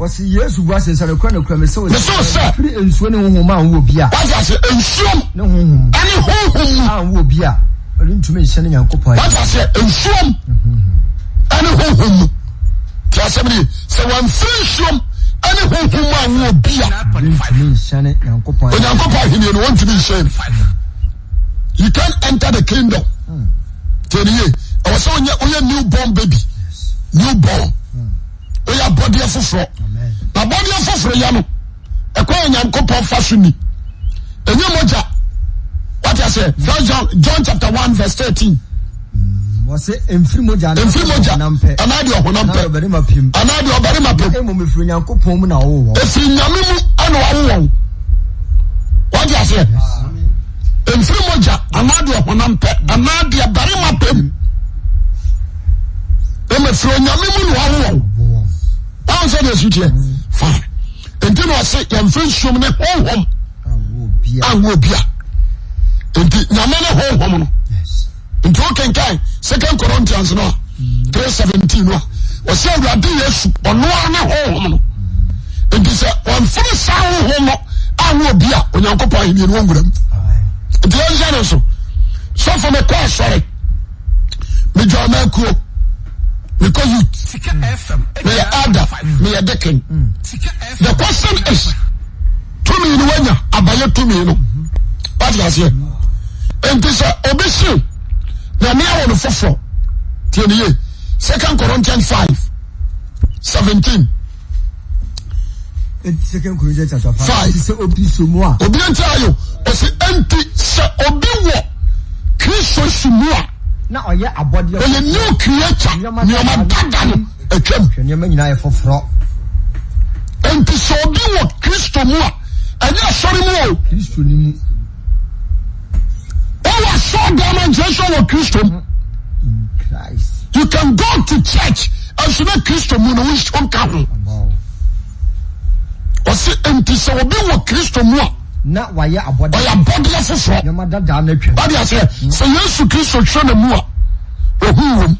wɔsi yesu wa sɛ nsɛrɛkura na kura mɛ sɛ wɔsi. mɛ sɛ ɛfiri nsuo ne huhum a nwo bia. wájú ase nsuom. ne huhum. ɛni huhum. a nwo bia ɔni ntumi nhyɛn ne yanko pa. wájú ase nsuom. ɛni huhum. tí a sɛ mi sɛ wɔn firi nsuom ɛni huhum a nwo bia. ɔni ntumi nhyɛn ne yanko pa. onyanko pa ahiniyan wɔn ntumi nhyɛn. you can enter the kingdom. Hmm. tẹ̀lé yẹ ɔwɔ sɛ ɔnyɛ ɔyɛ new born baby new born woyɛ abɔdeɛ foforɔ abɔdeɛ foforɔ yɛ no ɛkɔ nyankopɔn fa so ni ɛnyɛ mogya wate sɛ john chapter one verse thirteen. mfiri mogya mfiri ɔhonam pɛ anaa ɔbarima pɛ ɛfiri nyame mu ana wɔwowɔ wate aseɛ mfiri mogya anaa ɔhonam pɛ anaa deɛ barima pɛ mu onyame mu na wɔwowɔ mfs om a ohom ntokenka seon corintians o t7ɔnn honfynkpɔfre eao e ni yɛ de mm. the question is tumi ni wanya abayɛ tumi no wati aseɛ nti sɛ obi si nyame awɔ no foforɔ tie ne ye second corinthians five seventeen. second corinthians chapter five. five obi sumu a. obi n ta ayo ɔsi nti sɛ obi wɔ kristu sumu a. na ɔyɛ abɔdeɛ. ɔyɛ new creature nneɛma dada no atwam. nneɛma nyinaa yɛ foforɔ. nti sɛ obi wɔ kristo mu a ɛnyɛ asɔre mu o kristo ni mu ɔwɔ asɔɔdan na nkyɛnso wɔ kristo mu you can go to church ɛnso na kristo mu na wɔn ka ho ɔsi nti sɛ obi wɔ kristo mu a na wayɛ abɔdeɛ ɔyɛ abɔdeɛ foforɔ ɔdi asɛ sɛ yesu kristo twɛ ne mu a ohu wɔm.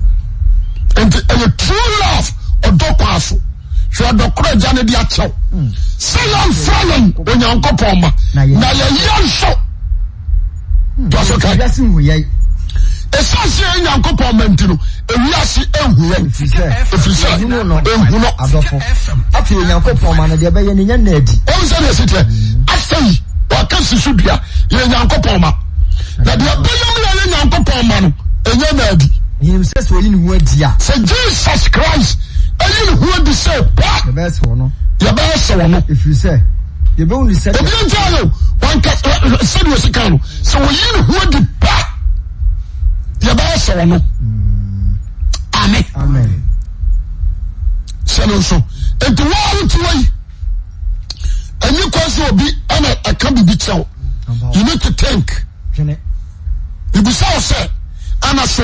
nti ɛyɛ true love ɔdɔ kwa so hwɛ ɔdɔkorɔ agya no de akyɛw hmm. sɛ yɛmfra yɛn hmm. onyankopɔn ma na yɛyɛ nso toa so kae ɛsiane sɛ yɛ nyankopɔn ma nti no ewiase ehu yɛn efiri sɛ ehu no afei onyankopɔn ma no deɛ ɛbɛyɛ no nyɛ na adi ɔmu sɛ deɛ sitiɛ hmm. afei waka si so dua yɛ nyankopɔn ma na deɛ ɛbɛyɛ mu yɛ yɛ ma no ɛnyɛ na adi C'est Jésus sọ yìí ni di a. sẹ jesus christ ẹyìn ni wọn di es pa. yẹ bẹ sọ no. yẹ bẹ sọ wọn. efiri sẹ yẹ wuli sẹ. ebi n jẹ ayọ wọn kẹ sẹbi osi kan no amen. amen. Et nso etu wọn ahu tiwa yi ẹni kọ sọ obi ẹna ẹka bibi Je you need to think. ibusa ọsẹ ẹna so.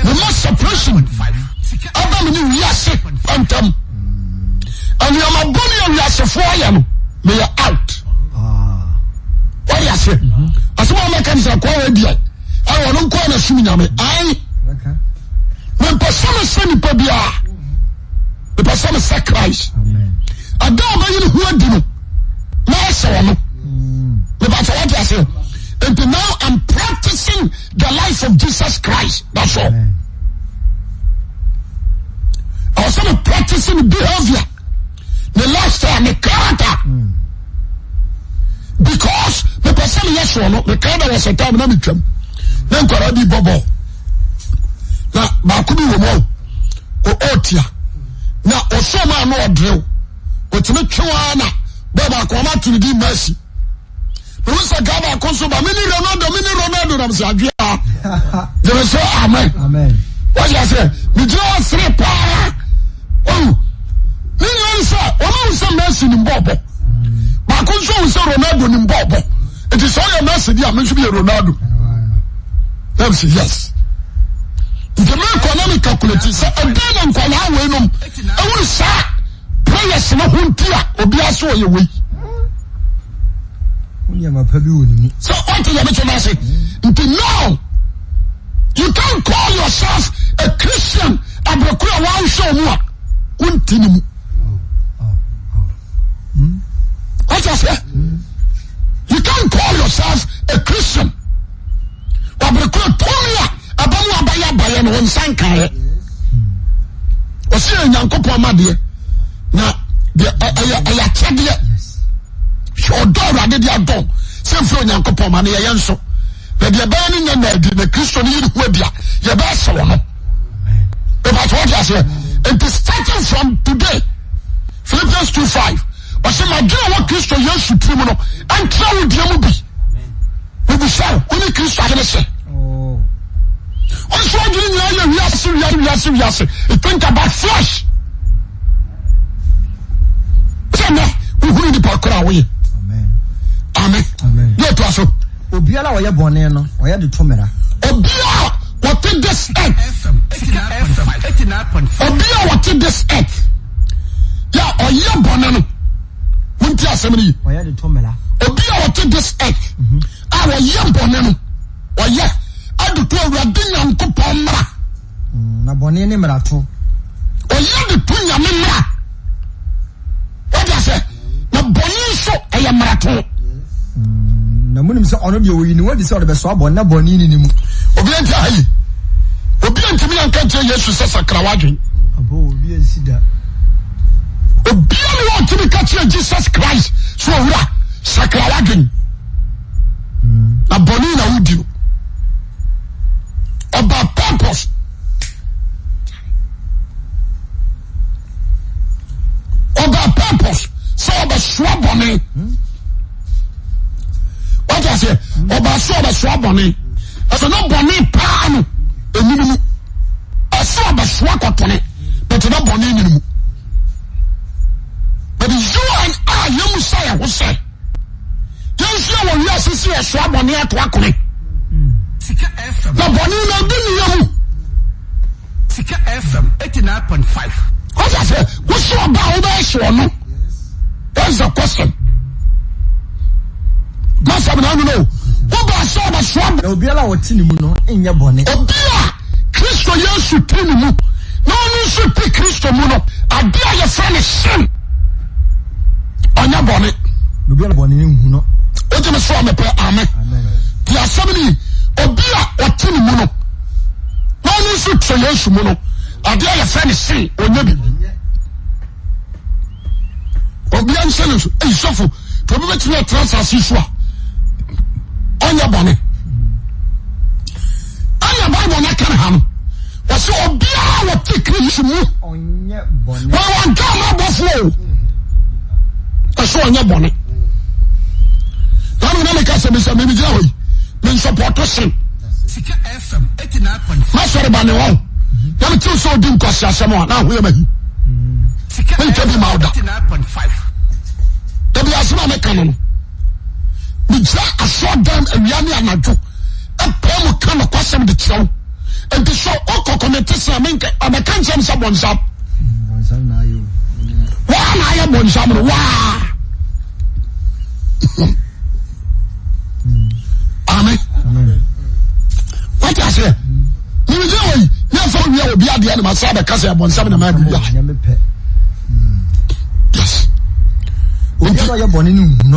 ema supression aba mene wiase antam adyamabɔne awiasefo ayɛ no meyɛ out aase ah. mhm. asmakaeskawadia awɔne nkoan asom nam ai mepɛ same sa nnipa bia mep sɛme sa cris no ekae soaea e bbaem ntmes osr p mesnb a s onaldo nmbobo sɛyɛmasdodoiaa pɛ sene o yɛeye ntno ou can call yourself a christian akorwhɛ mua wontinmu cancal yosv a chrstian brekoro ton a abano bɛyɛ bayɛ no ɔ nsankaɛsɛ onyankpɔɛɛɛɔɛɛmfi nyankopɔnmn yɛyɛoɛn hnt startin from today philipians t5 je ɔsɛ madwene Christ kristo yesu tiri mu no ɛntra wo dua mu Christ Je suis ne kristo adene sɛ ɔnso ɔdwene a yɛ wiase wiase il wiase ɛtwinka ba flash sɛ nɛ wohunu Je suis a Amen. ame yɛ toa Obia obiara wɔyɛ bɔne no ɔyɛ de to mmara obiara wɔte this earth Je suis this earth yɛ ɔyɛ bɔne no asɛm no yi obi a ɔte this earth mhm. a wɔyɛ bɔne no wɔyɛ adeto awurade nyankopɔn mmara mm, na bɔne ne mmarato ɔyɛ de to nyame mmara wode sɛ na bɔne nso ɛyɛ mmarato mm, na munim sɛ ɔno deɛ ɔyi ne wadi sɛ ɔde bɛsoa bɔne na bɔne ne ne mu obi anti ahayi obi antumi anka nkyerɛ yesu sɛ sakrawadwen obi nsi da obino timi katie jesus christ so wira sakrawagen na bonenawudio oba pupos oba purpos se oba sua bonb a aabɔn nbɛ namuɛoɛawobɛ nobia kristo yɛsu to ne mu na ɔno nso pi kristo mu no ade ayɛfra no syɛ yɛɔ ogyemesoa mɛ ae t asɛm ne obia ɔtene mu no nane so t yɛ hmu no adeɛ yɛfrɛ no sen ya bi bia nhyɛno sofo obi bɛtimɛtrasase s a ɔnyɛ bɔne ayɛ bible nɛ kane ham ɔsɛ obiaa wɔtekerihi mu wnka na abɔfoo ɛsɛ ɔnyɛ bɔne asm a mekamo eira asodon awianeanao pɛmo ka nakasem dekira ntiso oometseaksɛ a nayabonao ɛayɛ ɔne no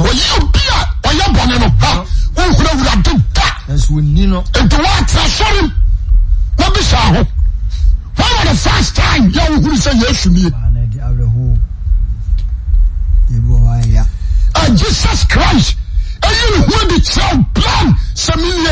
oowaanoatera sɔre m mabisa ho a the fist time yɛ wohuu sɛ yɛsomiejesus christ yɛnehua de kyerɛw plan sɛmene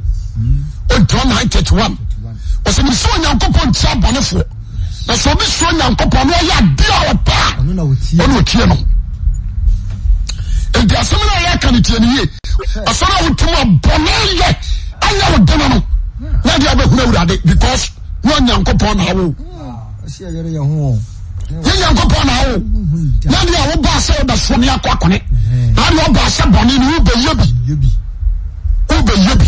john nine thirty one ɔsɛ mi sɔ nyankopɔn ti abɔnefoɔ na sɛ obi sɔ nyankopɔn na ɔyɛ adi a ɔpaa ɔna otie no nti asɛm na ɔyɛ aka ne tie ne yie asɛm na wotum abɔne yɛ ayɛ wo dana no na de abɛhuna awurade because na nyankopɔn na awo ah, yẹ nyankopɔn na awo na de a wobɔ asɛ wobɛ sɔ ne akɔ akɔne na de wobɔ asɛ bɔne ne wobɛyɛ bi wobɛyɛ bi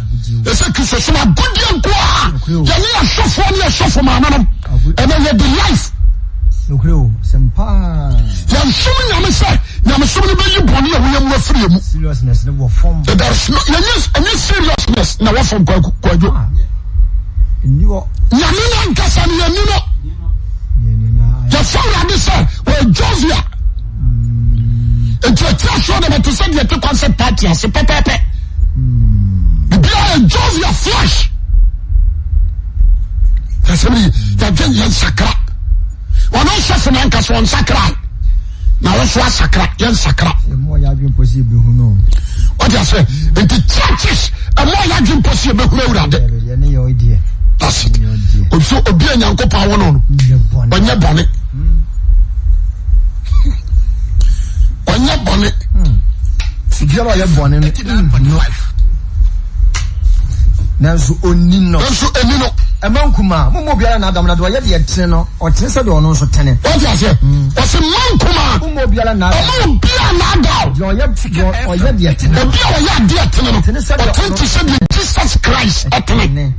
ɛsɛ krisosomagodɛn ayɛne yɛswfo n yɛsfomnono ɛnɛ yɛde lif yɛnsom nyame sɛ nyamesom no bɛyi bɔ ne yɛɔm afiria mu ɛnɛ seriousness na ɔfom kwawo nyame yanka samanim yɛfa wrade sɛ ajosea ntitirɛ so dmɔo sɛdete kwa sɛ pat ase pɛpɛpɛ yɛsakra ɔno hyɛ sɛnaka sɛ ɔnnsakra naɔso sakra yɛranhaes ma yɛ adwep sɛ yɛbɛhunwradoba nyankopɔ n nɔɛ ɔne nanso oni no. nanso eni no. ɛmɛ nkuma mumu obiara na adamu nadu ɔyɛ deɛ tene no ɔtene sɛ deɛ ɔno nso tene. wọ́n ti ase. ɔsi mɛ nkuma. mumu obiara na adamu. ɔmɔ obiara na adamu. deɛ ɔyɛ deɛ ɔyɛ deɛ tene. obi a ɔyɛ adeɛ tene no. ɔtene ti sɛ deɛ jesus christ ɛtene.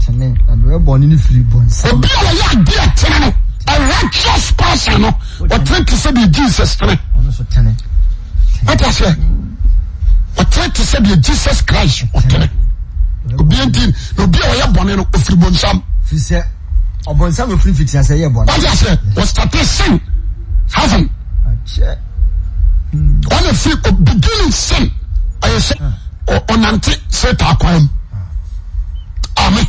tene adoɛ bɔ ne ne firi bɔ nsa. obi a ɔyɛ adeɛ tene no a righteous person no ɔtene ti sɛ deɛ jesus tene. ɔno nso tene. wọ́n ti ase. Hmm. ɔtene ti sɛ deɛ jesus christ ɔtene obi nti na obi a ɔyɛ bɔnne no ofiri bonsam. fi sɛ ɔbɔnsam ofiri fitina sɛ yɛ bɔnne. wájú ase wɔsitate sin hafin. wọn efi beginning sin ɛyɛ sɛ ah. ɔnante seta akwan mu. Ah. ami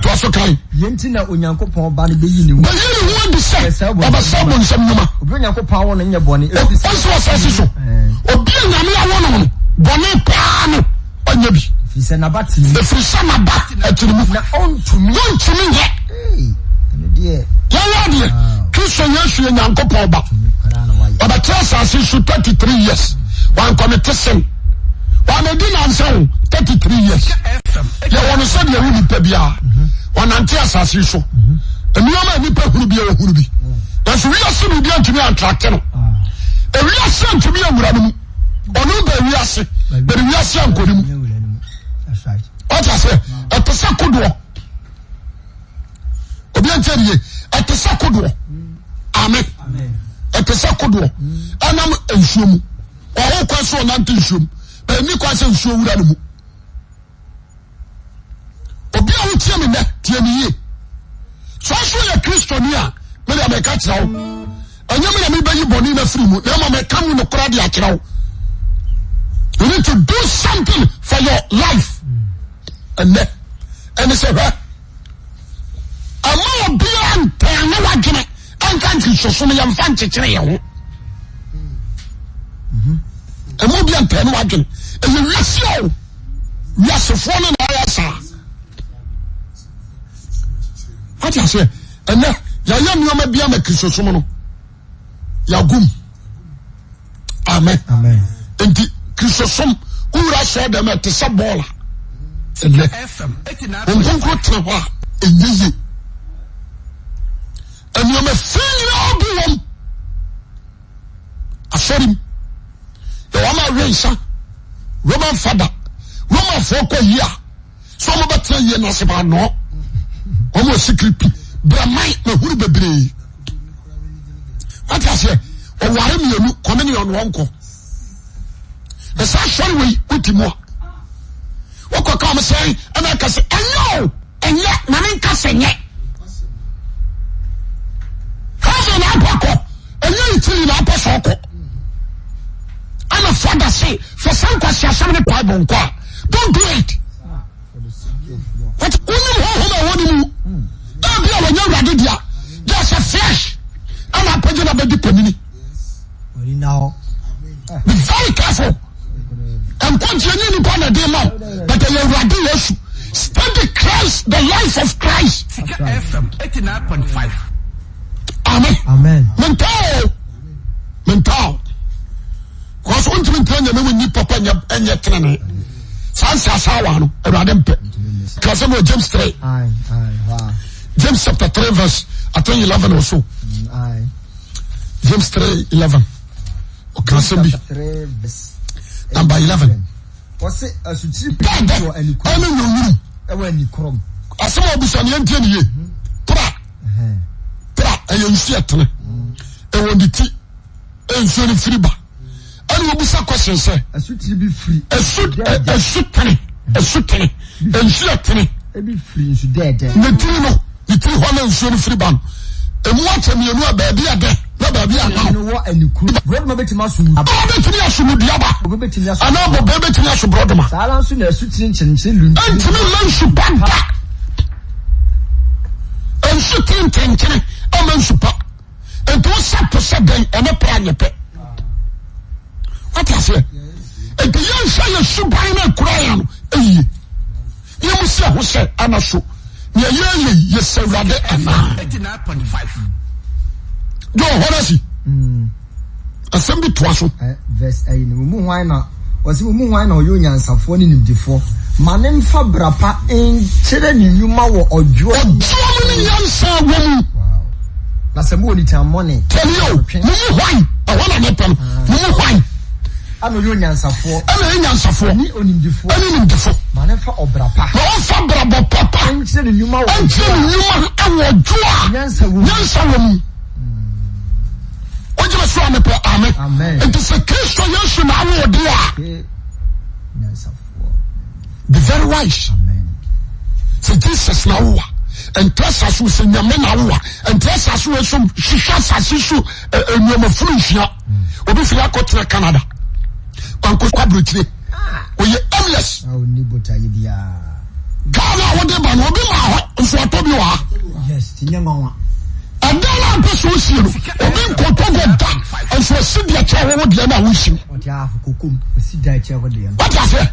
to aso kan. yẹn ti na onyankopɔn ba ni bɛ yi ni wọn. bɛ yi ni wọn di sɛ ɔbɛ sɛ bɔnsam ɲuman. obi onyankopɔn awɔ na n yɛ bɔnne. o o sɛ ɔsɛ siso eh. obi nyame awɔ na wɔn bɔnne paa no ɔnyɛ efisɛ naba ti mu. efisɛ naba ati mu. na ɔntumi. ɔntumi yɛ. ɛnu deɛ. yɛyɛ deɛ kristu yesu yɛ nyanko pɔn ba ɔbɛtɛ asase so thirty three years wankɔmi ti sɛn wàmɛdi nansan thirty three years yɛ wɔn sɛ deɛ ɛwɔ nipa bia ɔnante asase so nneɛma nipa huru bi ɛwɔ huru bi nanso wiase mi bi ah. ntumi antrate no ewiase ntumi ewura no mu ɔno bɛ wiase bɛ wiase ankɔ ne mu. t se te se kod obitye te se ko nasa s obiwotiemin tieye soaso ye kristonia meemeka kyerawo ye merea mebeyi bonena fri mu mmaka munekradeakerawo you ned to do something for your life ɛnɛɛnesɛ h amaobia ntɛno waadwene ankankrisosono yɛmfa nkyekyereyɛho asfon nys ɛnɛ yyanama bima krisosomno y nti krisoso wrsɛdmtesɛ la onkonkro tera ha yeye amioma feninabwom asorim ewama ensan roman fatda roma fo kohia soomobeterayenaseba no omesekiripi brama mehuru bebre mats ware mienu komeneononko esa sorewei kutimua mse kese elo e mannkase ye henbko eyeifili naboseko ane fades fosankasiasamne tabonk bo gret knehmhnim abiwaya adedia deses eto metao so ontiment nyanweni pape nye terene sansea sa wano rdmp kse james tre james chapter 3ree verse atn 11ve so mm, james t3e 11e okasebi number 11newewuru asem busaneantianeye pra pra ɛyɛ nsuatene wne ti nsua no firi ba ɛnebusa kosen sɛ s nsuatee innsuano fri ba no muacemiana baaiadbaaibɛtumi aso nodiaba ana bba bɛtimi aso brɔdomantimi ma nsupada nsu tiri nkyenkyene ama nsu pa nti wosa po sɛ bɛn ɛne pɛ anyɛ pɛ wate aseɛ nti yɛnhwɛ yɛ suban no akura yɛ no ɛyie yɛmu sɛ ho sɛ ana so nea yɛyɛ yɛsɛ awurade anaa jo hɔre si asɛm bi toa so wɔsi mu hwan na ɔyɛ onyansafoɔ ne nimdifoɔ ma ne nfa brapa nkyerɛ ne nnwuma wɔ ɔdwoɔ nyansan wɔmunomaraaa nkyrɛno numa wɔ oanyansa gyena so nɛ kristo yɛso node av ntra saso sɛ nyame nawowa ntra saso so hwehwɛ sase so e, nnuamafuru nsua obi firi akɔtena canada kwankokwabrotire ɔyɛ emles ah, ghana a wode ba no obi ma hɔ nso atɔ bi wɔ ha ɛda no ampɛ sɛ wosie no obi nkɔtɔgɔ da nso asi deɛ kyɛ wo wo deɛ no a wosiw wote aseɛ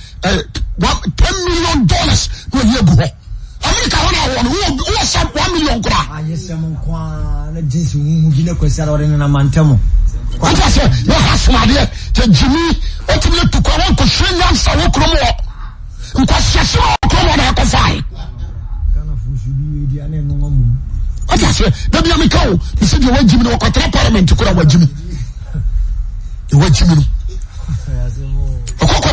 0 eh, million ollars ah, ne y agu hɔ amerika odewows o million kra hasomade t gimi ɔtimine tokua wanksyasa wo krom nk se sekromdkosts bebia mekao miseda wa imi no katraparament kra w imi wimio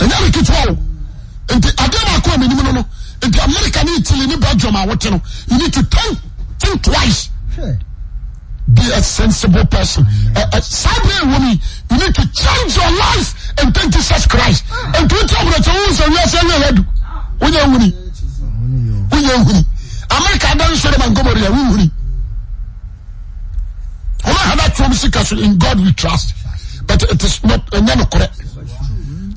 ɛnyɛ ne ketewa o nti adeɛ baako a menim no no nti america ne italy ne belgium a wote no you need to think, think twice sure. be a sensible person eh, eh, saa bere ɛwɔ mi you need to change your life and thank jesus christ ah. nti wotu amurata wo nsa wiase ɛnyɛ yɛdu wonyɛ nhuni wonyɛ nhuni america adan nsoro ma nkɔmɔ ria wonhuni wɔn a hada tuom sika so in god we trust but it is not ɛnyɛ no korɛ.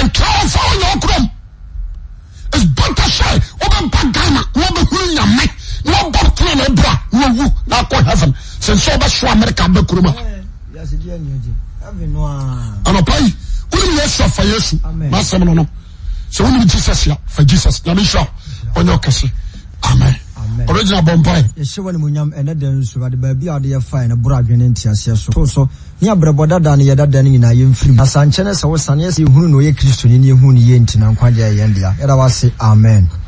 ntura ɔfa ɔnyɛ ɔkurom it's better say ɔbɛba Ghana na ɔbɛhuru nyame na ɔbɔ plane na ebura na owu na akɔ heaven sɛnsɛ ɔbɛso America abɛ kurom uh, a. anapa yi wuli yesu afa yesu n'asɛm no no sɛ wuli Jesus ya fa Jesus nyame nhyira ɔnyɛ ɔkɛse amen. original bɔmpae yɛhyɛ wa ne munyam ɛnɛ dɛ nso ade baabi a wode yɛfae no borɔ adwene nteaseɛ so to so ne abrɛbɔ dada ne yɛdada no nyinaa yɛmfirim na sankyɛ ne sɛ wosane yɛ yɛhunu na ɔyɛ kristoni ne yɛhunu no yɛ nti na nkwagye yɛn dea yɛda wase amen